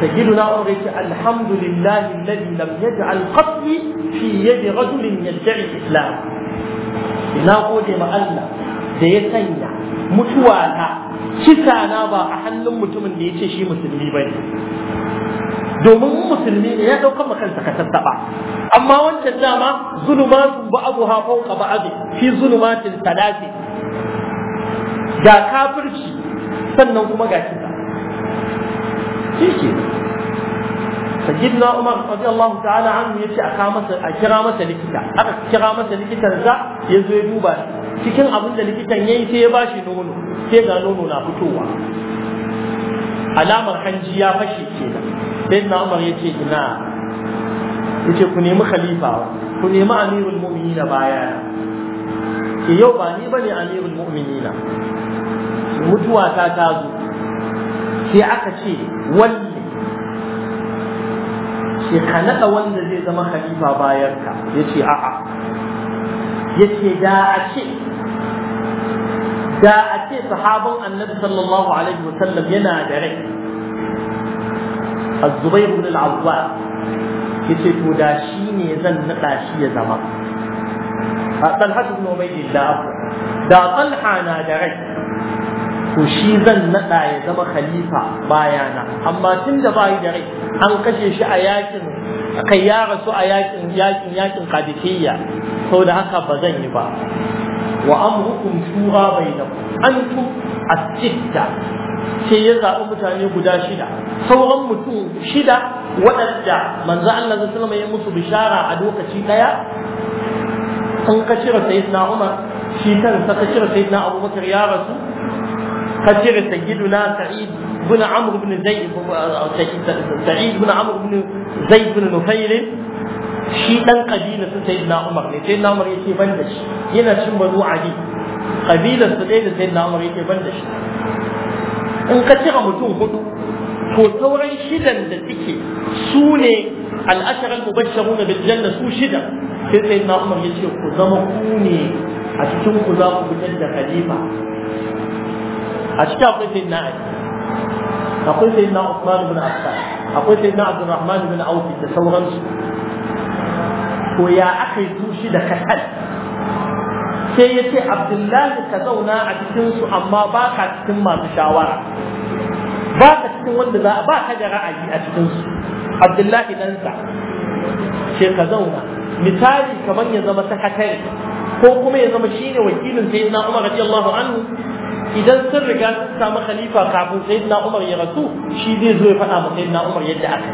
سيدنا عمر الحمد لله الذي لم يجعل قتلي في da رجل يدعي الإسلام ina gode ma Allah da ya sanya mutuwa kisa na ba a hannun mutumin da ya ce shi musulmi ba domin musulmi ne ya ɗaukar ma kansa ka tattaɓa amma wancan dama zulumatun ba abu hafau ka ba abu fi zulumatin talafi ga kafirci sannan kuma ga yake sayyidina umar radiyallahu ta'ala anhu yace a ka masa a kira masa likita aka kira masa likitan sa ya zo ya duba cikin abin da likitan yayi sai ya bashi nono sai ga nono na fitowa alamar hanji ya fashe kenan sayyidina umar yace ina yace ku nemi khalifa ku nemi amirul mu'minin baya ke yau ba ni bane amirul mu'minin mutuwa ta ta zo sai aka ce wanda ce ka naɗa wanda zai zama khalifa bayan ka ya ce a'a ya ce da a ce da a ce sahabin annabi sallallahu alaihi wasallam yana da rai al بن العوام ce to da shi ne zan naɗa shi ya zama a talhatu ibn ubaydillah da talha na da rai to shi zan naɗa ya zama khalifa bayana amma tun da bayi da rai an kashe shi a yakin kai ya rasu a yakin yakin yakin qadisiyya da haka ba zan yi ba wa amrukum shura bainakum antum as-sitta sai ya zaɓi mutane guda shida sauran mutum shida waɗanda manzo Allah sallallahu ya musu bishara a lokaci daya an ka sayyidina Umar shi kansa ka cire sayyidina Abubakar ya rasu خسر سيدنا سعيد بن عمرو بن زيد سعيد بن عمرو بن زيد بن نفيل shi dan kabilar su sayyidina Umar ne sayyidina Umar yake ban da shi yana cin banu Ali kabilar su da sayyidina Umar yake ban da shi in ka cira mutum hudu to sauran shidan da suke su ne al'ashara mubashsharun bil janna su shida sai sayyidina Umar yace ku zama ku ne a cikin ku za ku fitar da khalifa a cikin akwai sai na ali akwai sai na usman ibn affan akwai sai na abdurrahman ibn auf da sauransu ko ya aka yi tushi da kasal sai ya ce abdullahi ka zauna a cikinsu amma ba ka cikin masu shawara ba ka cikin wanda za ba ka da ra'ayi a cikinsu abdullahi ɗansa ce ka zauna misali kamar ya zama sakatare ko kuma ya zama shine wakilin sai na umar radiyallahu anhu idan sun riga sun samu khalifa kafin sayyidina Umar ya rasu shi zai zo ya faɗa ma sayyidina Umar yadda aka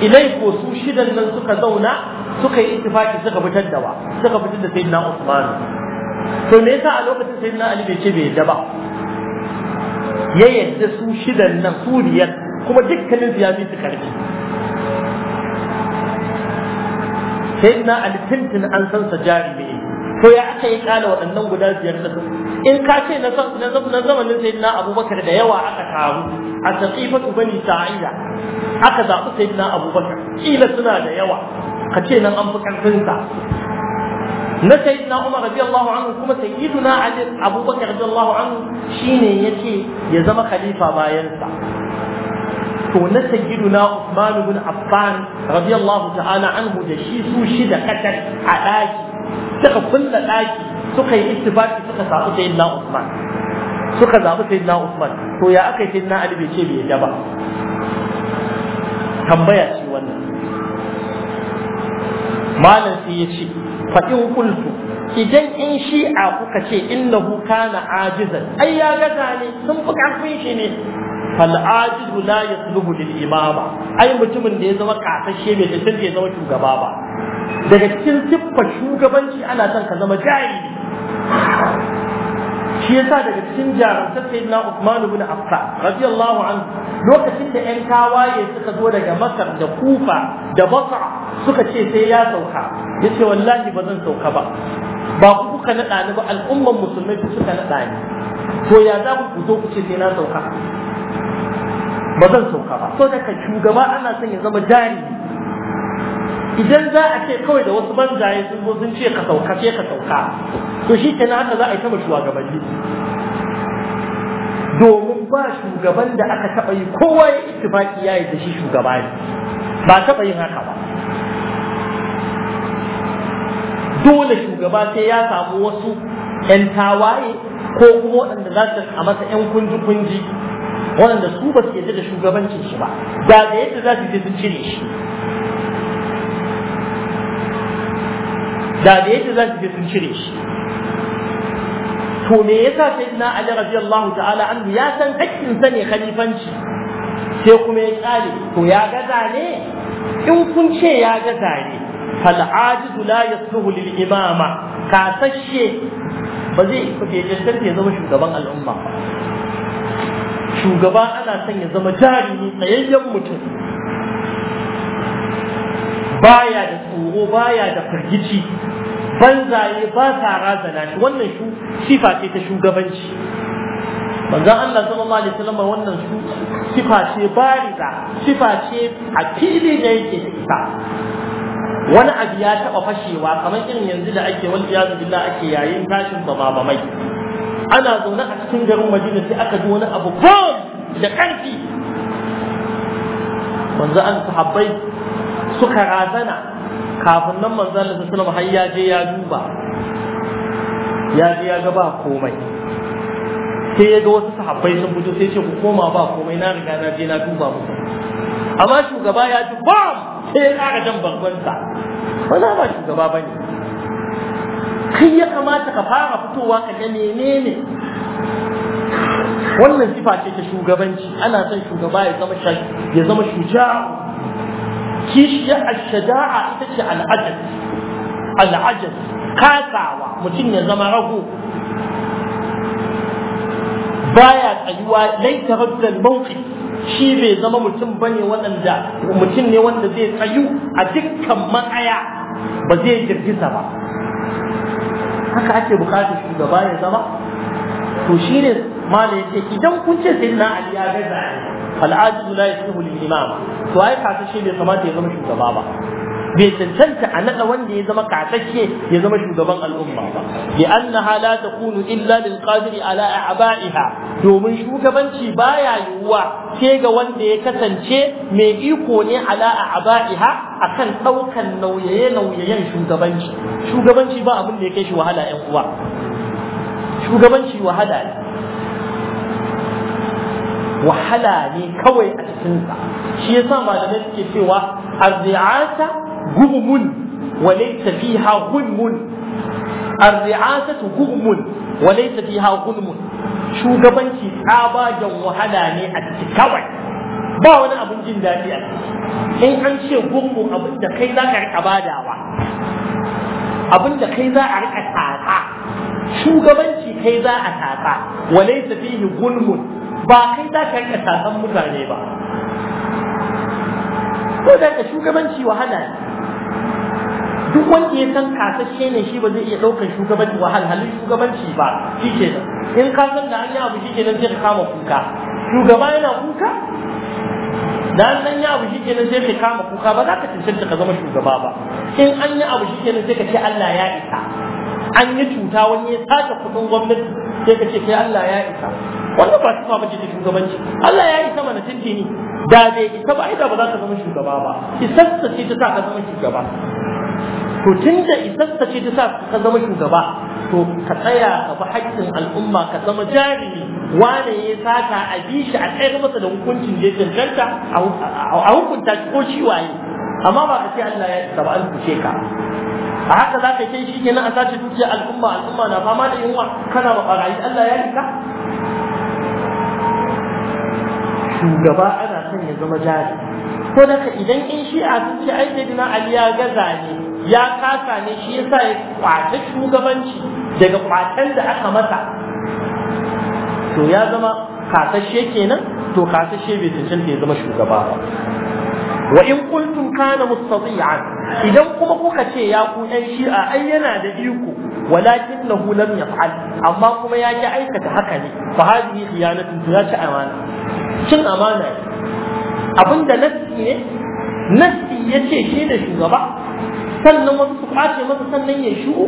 yi ilai ko su shidan nan suka zauna suka yi ittifaki suka fitar da wa suka fitar da sayyidina Usman to me yasa a lokacin sayyidina Ali bai ce bai yadda ba ya yadda su shidan nan su biyar kuma dukkanin su ya fi su karfi sayyidina Ali tuntun an san sa jari jarumi to ya aka yi kala waɗannan guda biyar da su in ka ce na zamanin sayyidina abubakar da yawa aka taru a taƙifatu bani sa'ida aka zaɓi sayyidina abubakar ƙila suna da yawa ka ce nan an fi karfin sa na sayyidina umar radiyallahu anhu kuma sayyiduna ali abubakar radiyallahu anhu shine ce ya zama khalifa bayan sa to na sayyiduna usman ibn affan radiyallahu ta'ala anhu da shi su shida katar a ɗaki. suka kulla ɗaki suka yi ittifaki suka zaɓi samu na Usman suka zaɓi na Usman to ya aka yi na Ali bai ce bai yadda ba tambaya ce wannan malam sai ya ce faɗin in qultu idan in shi'a kuka ce innahu kana ajizan ai ya gaza ne sun fi karfin shi ne fal'ajizu la yasluhu lil imama ai mutumin da ya zama kasashe bai da zama shugaba ba daga cikin siffa shugabanci ana son ka zama jahili shi yasa daga cikin jarumtar sayyidina Uthman ibn Affan radiyallahu anhu lokacin da ƴan tawaye suka zo daga Masar da Kufa da Basra suka ce sai ya sauka yace wallahi ba zan sauka ba ba ku kuka naɗa ni ba al'ummar musulmai suka naɗa ni to ya za ku zo ku ce sai na sauka ba zan sauka ba so daga shugaba ana son ya zama jari idan za a ce kawai da wasu banzaye sun zo sun ce ka sauka ce ka sauka to shi kenan haka za a yi taba shugabanni domin ba shugaban da aka taba yi kowa ya ittifaki ya yi da shi shugaba ne ba taba yin haka ba dole shugaba sai ya samu wasu 'yan tawaye ko kuma waɗanda za su a masa 'yan kunji-kunji waɗanda su ba su yadda da shugabancin shi ba da da yadda za su je sun cire shi da da yadda za su je sun cire shi to me yasa sayyidina ali radiyallahu ta'ala an ya san hakkin sa ne khalifanci sai kuma ya kare to ya gaza ne in kun ce ya gaza ne fal ajizu la yasluhu lil imama ka sashe ba zai fice ya zama shugaban al'umma ba shugaba ana son ya zama ne tsayayyen mutum baya da tsoro baya da firgici banzaye ba sa razana shi wannan shu sifa ce ta shugabanci manzon Allah sallallahu alaihi wasallam wannan su sifa ce bariza sifa ce a fili da yake ita wani abu ya taba fashewa kamar irin yanzu da ake wal iyad billah ake yayin tashin bama mai. ana zaune a cikin garin madina sai aka ji wani abu bom da ƙarfi manzo an sahabbai suka razana kafin nan manzo Allah sallallahu alaihi har ya je ya duba ya je ya ga ba komai sai ya ga wasu sahabbai sun fito sai ce ku koma ba komai na riga na je na duba muku amma shugaba ya ji bom sai ya ƙara jan barbansa ba ba shugaba bane kai ya kamata ka fara fitowa ka ga menene wannan sifa ce ta shugabanci ana son shugaba ya zama ya zama shuja kishiya ashada'a ita ce al'ajab al'ajab kasawa mutum ya zama rago baya tsayuwa laita rabbal mawqi shi bai zama mutum bane waɗanda mutum ne wanda zai tsayu a dukkan ma'aya ba zai girgiza ba haka ake bukatar shugaba ya zama to shine mala ce, idan kun ce sai na ali ya gaza al'adu la yasihu lil imam to ai kasa shi bai kamata ya zama shugaba ba bai cancanta a naɗa wanda ya zama katsacce ya zama shugaban al'umma ba bi annaha la takunu illa lil qadiri ala a'ba'iha domin shugabanci baya yiwuwa sai ga wanda ya kasance mai iko ne ala a'ba'iha akan ɗaukan nauyaye nauyayen shugabanci shugabanci ba abin da ya kai shi wahala ƴan uwa shugabanci wahala ne wahala ne kawai a cikinsa shi yasa malamai suke cewa arzi'ata غرم وليس فيها غنم الرعاسة غرم وليس فيها غنم شو قبنتي آبا جو هلاني أتكوي ba wani abin jin daɗi a in an ce gurgun abin da kai za ka riƙa badawa abin da kai za a riƙa tsatsa shugabanci kai za a tsatsa gulmun ba kai za ka riƙa tsatsan mutane ba ko da ka shugabanci wahala ne duk wanda ya san shi ne shi ba zai iya ɗaukar shugabanci wahalhalin shugabanci ba shi ke in ka san da an yi abu shi ke nan sai ka kama kuka shugaba yana kuka da an san yi abu shi ke nan sai ka kama kuka ba za ka cancanta ka zama shugaba ba in an yi abu shi ke nan sai ka ce Allah ya isa an yi cuta wani ya sace kuɗin gwamnati sai ka ce kai Allah ya isa wannan ba sifa ce ta shugabanci Allah ya isa mana tuntuni da bai isa ba ai da ba za ka zama shugaba ba isassa ce ta sa ka zama shugaba to tun da isarsa ce ta sa ka zama shugaba to ka tsaya ka bi haƙƙin al'umma ka zama jarumi wane ya saka a bi shi a tsayar masa da hukuncin da ya cancanta a hukunta ko shi waye amma ba ka ce Allah ya isa ba an kuce ka a haka za ka kai shi kenan a sace dukiyar al'umma al'umma na fama da yunwa kana ba barayi Allah ya isa shugaba ana son ya zama jari ko daga idan in shi'a sun ce ai sayyidina Ali ya gaza ne ya kasa ne shi yasa ya kwace shugabanci daga kwacen da aka masa to ya zama kasashe kenan to kasashe bai cancanta ya zama shugaba ba wa in kuntum kana mustati'an idan kuma kuka ce ya ku ɗan shi'a ai yana da iko walakin lahu lam yaf'al amma kuma ya ki aikata haka ne fa hadhihi khiyanatun to ya ci amana cin amana abinda nassi ne nassi yace shi da shugaba sannan wasu su kwace masa sannan ya shu'u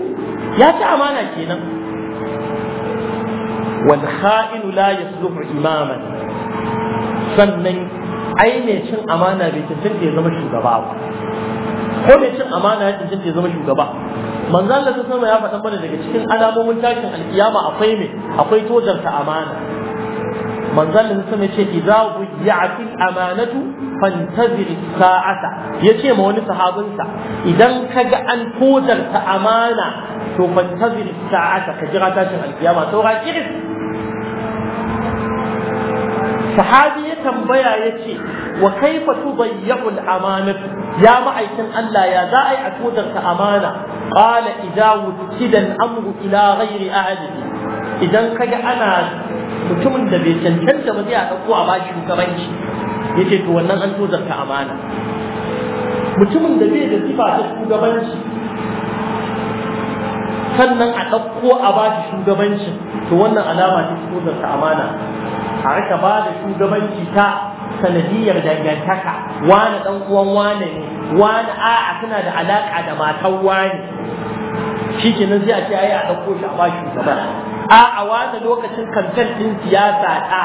ya ci amana kenan wal kha'inu la yasluhu imaman sannan ai mai cin amana bai cancanta ya zama shugaba ba ko mai cin amana ya cancanta ya zama shugaba manzo Allah sama ya faɗa mana daga cikin alamomin tashin alkiyama akwai me akwai tojarta amana manzon sun ce idza wudi'atil amanatu fantazir sa'ata yace ma wani sahabinsa idan kaga an ta amana to fantazir sa'ata ka jira tashin alkiyama saura kiris sahabi ya tambaya yace wa kaifa tudayya'u al-amanatu ya ma'aikin Allah ya za a yi a kodarta amana qala idza wutida al-amru ila ghairi ahli idan kaga ana mutumin da bai cancanta ba zai a ɗauko a bashi shugabanci ya ce to wannan an so zarta amana mutumin da bai da sifa ta shugabanci sannan a ɗauko a bashi shugabanci to wannan alama ta so zarta amana a rika ba da shugabanci ta sanadiyar dangantaka wani ɗan uwan wane ne wani a'a suna da alaƙa da matan wani shi kenan sai a ce yi a ɗauko shi a bashi shugabanci a a lokacin kamfen ɗin siyasa ta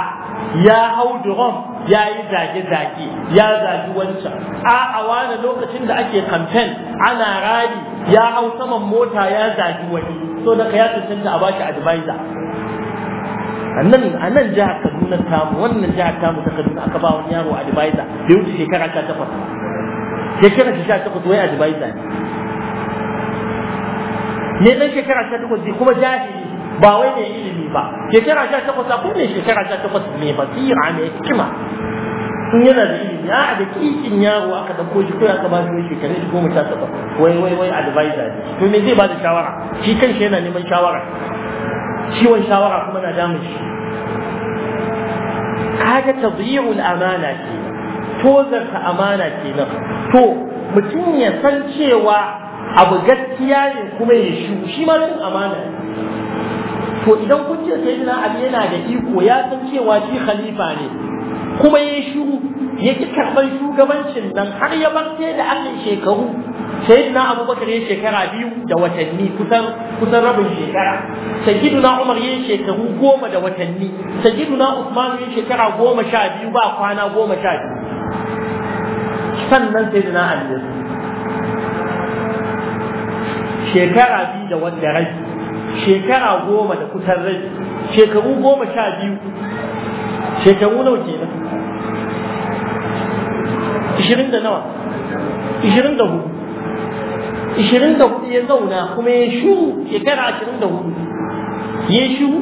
ya hau durom ya yi zage-zage ya zagi wancan a a wani lokacin da ake kamfen ana rali ya hau saman mota ya zagi wani so daga ya cancanta a bashi advisor a nan jihar kaduna tamu wannan jihar tamu ta kaduna aka ba wani yaro advisor da wuce shekara sha takwas shekara sha takwas wai advisor ne ne dan shekara sha takwas kuma jahili ba wai mai ilimi ba shekara sha takwas akwai mai shekara sha takwas mai basira mai hikima in yana da ilimi a da kikin yaro aka dauko shi ko aka ba shi shekaru shi goma sha takwas wai wai wai advisor ne to me zai ba da shawara shi kanshi yana neman shawara ciwon shawara kuma na damun shi kaga tadhiyul amana ke tozarta amana kenan to mutum ya san cewa abu gaskiya ne kuma ya shi shi ma amana ne to idan kun ce sayyidina ali yana da iko ya san cewa shi khalifa ne kuma ya shiru ya ki karɓar shugabancin nan har ya bar sai da aka shekaru sayyidina abubakar ya shekara biyu da watanni kusan kusan rabin shekara na umar ya shekaru goma da watanni na usman ya shekara goma sha biyu ba kwana goma sha biyu sannan sayyidina ali shekara biyu da wanda rabi shekara goma da kusan rai shekaru goma sha biyu shekaru nawa kenan ishirin da nawa ishirin da hudu ishirin da hudu ya zauna kuma ya shuru shekara ashirin da hudu ya shuru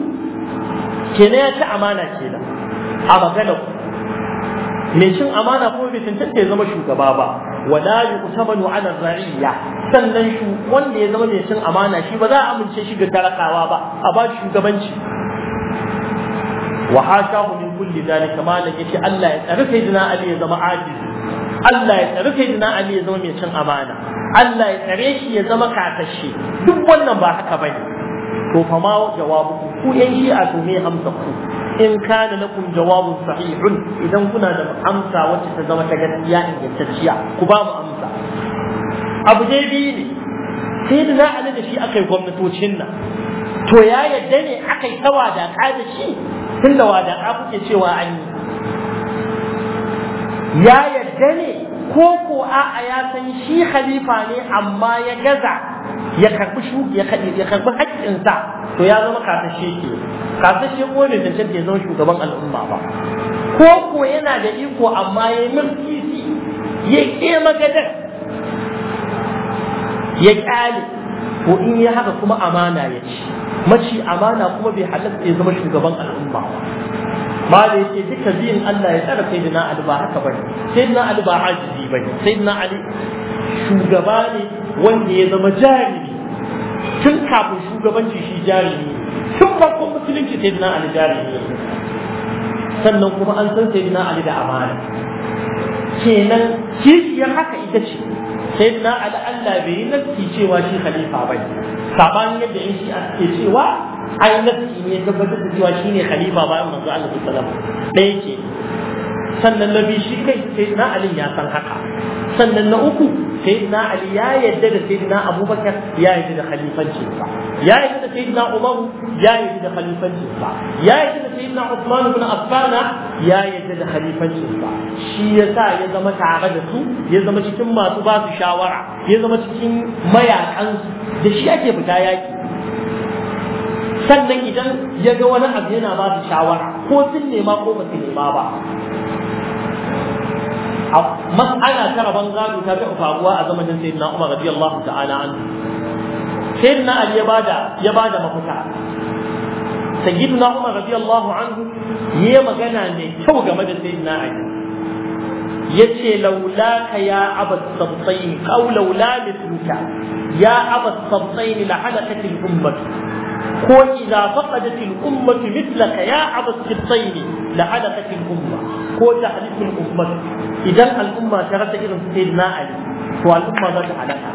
ke ya ci amana kenan a maganar mai cin amana kuma bai cancanta ya zama shugaba ba wala yu'tamanu ala ra'iyya sannan shi wanda ya zama mai cin amana shi ba za a amince shi ga talakawa ba a ba shugabanci wa hashahu min kulli zalika malan yace Allah ya tsare sayyidina Ali ya zama adil Allah ya tsare sayyidina Ali ya zama mai cin amana Allah ya tsare shi ya zama kasashe duk wannan ba haka bane to fa ma jawabu ku yan a to me amsa ku in kana lakum jawabun sahihun idan kuna da amsa wacce ta zama ta gaskiya ingantacciya ku ba mu amsa abu dai biyu ne sai da za a da shi aka yi gwamnatocin nan to ya yadda ne aka yi ta wadaƙa da shi tun da wadaƙa kuke cewa an yi ya yadda ne ko ko a'a ya san shi khalifa ne amma ya gaza ya karbi shu ya karbi ya haƙƙin sa to ya zama kasashe ke kasashe ko bai tantance ya zama shugaban al'umma ba ko ko yana da iko amma ya yi min mulki ya ke magadar ya kyale ko in ya haka kuma amana ya ci maci amana kuma bai halatta ya zama shugaban al'umma ba ma da yake duka biyun Allah ya tsara sai na Ali ba haka bane sai na Ali ba ajizi bane sai na Ali shugaba ne wanda ya zama jarumi tun kafin shugabanci shi jarumi tun farkon musulunci sai dina ali jarumi sannan kuma an san sai dina ali da amana kenan kishiyar haka ita ce sai dina ali allah bai yi nafi cewa shi khalifa ba ne sabanin yadda in shi ake cewa ai nafi ne tabbatar da cewa shi ne khalifa bayan manzo allah sallallahu alaihi wasallam ɗaya ke sannan na biyu shi kai sai dina ali ya san haka sannan na uku na ali ya yadda da na abubakar ya yadda da khalifancin ba. ya yadda da na umar ya yadda da khalifancin ba. ya yadda da na usman ibn affan ya yadda da khalifancin ba. shi yasa ya zama tare da su ya zama cikin masu ba su shawara ya zama cikin mayakan da shi ake fita yaki sannan idan ya ga wani abu yana ba su shawara ko sun nema ko ba su nema ba الحق مسألة ترى بنغال وتابع فعبوا أزمة سيدنا عمر رضي الله تعالى عنه سيدنا اليبادة يبادة مفتاح سيدنا عمر رضي الله عنه هي مغنى أن يتوقع مدى سيدنا عمر يتي لولاك يا أبا السبطين أو لولا مثلك يا أبا السبطين لحلقت الأمة كو إذا فقدت الأمة مثلك يا أبا السبطين لحلقت الأمة ko ta halittar ummat idan al'umma ta rasa irin su sai na ali to al'umma za ta halaka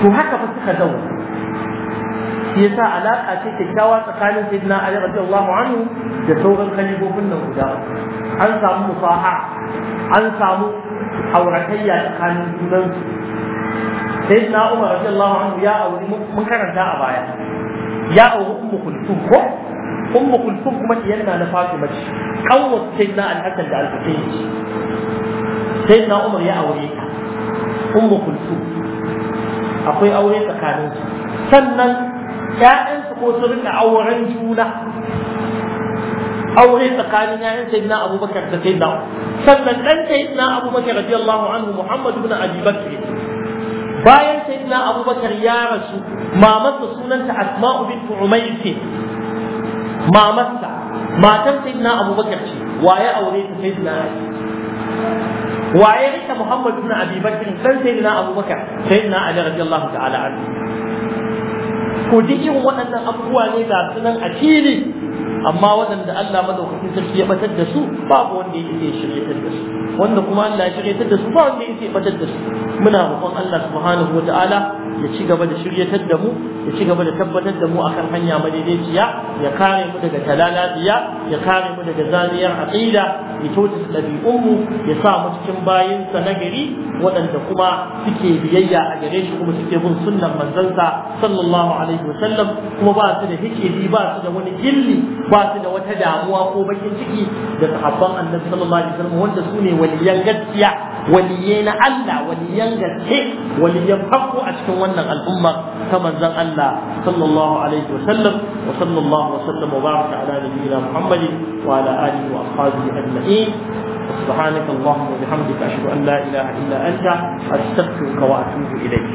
to haka fa suka zauna shi yasa alaka ce kyakkyawa tsakanin sayyidina ali radiyallahu anhu da sauran kalibofin nan guda an samu musaha an samu auratayya tsakanin junansu sayyidina umar radiyallahu anhu ya auri mun karanta a baya ya auri ummu kulsum ko ummu kulsum kuma yana na fatima ce kawwat sayyidina al-hasan da al-husayn sayyidina umar ya aure ta ummu akwai aure tsakanin sannan ƴaƴan su ko auren juna aure tsakanin ƴaƴan sayyidina abubakar da sayyidina sannan dan sayyidina abubakar radiyallahu anhu muhammad ibn abi ya rasu mamarsa sunanta asma'u bint mamarsa matan sayyidina abubakar ce waye aure ta sayyidina ali waye rika muhammad bin abi bakr dan sayyidina abubakar sayyidina ali radiyallahu ta'ala anhu ko duk irin waɗannan abubuwa ne ga sunan a fili amma waɗanda Allah madaukakin sarki ya batar da su babu wanda ya iya shiryatar da su wanda kuma Allah ya shirya da su ba wanda ya iya batar da su muna roƙon Allah subhanahu wa ta'ala ya ci gaba da shiryatar da mu ya ci gaba da tabbatar da mu akan hanya madaidaiciya ya kare mu daga talaladiya ya kare mu daga zaniyar aqida ya tota ɗabi'un mu ya sa mu cikin bayinsa na gari waɗanda kuma suke biyayya a gare shi kuma suke bin sunnan manzansa sallallahu alaihi wasallam kuma ba su da hikiri ba su da wani gilli ba su da wata damuwa ko bakin ciki da sahabban annabi sallallahu alaihi wasallam wanda su ne waliyan gaskiya waliyai na Allah waliyan gaske waliyan hakko a cikin wannan al'umma ta manzon Allah sallallahu alaihi wasallam wa sallallahu wasallam wa baraka ala nabiyyina Muhammad wa ala alihi wa ashabihi ajma'in سبحانك اللهم وبحمدك أشهد أن لا إله إلا أنت أستغفرك وأتوب إليك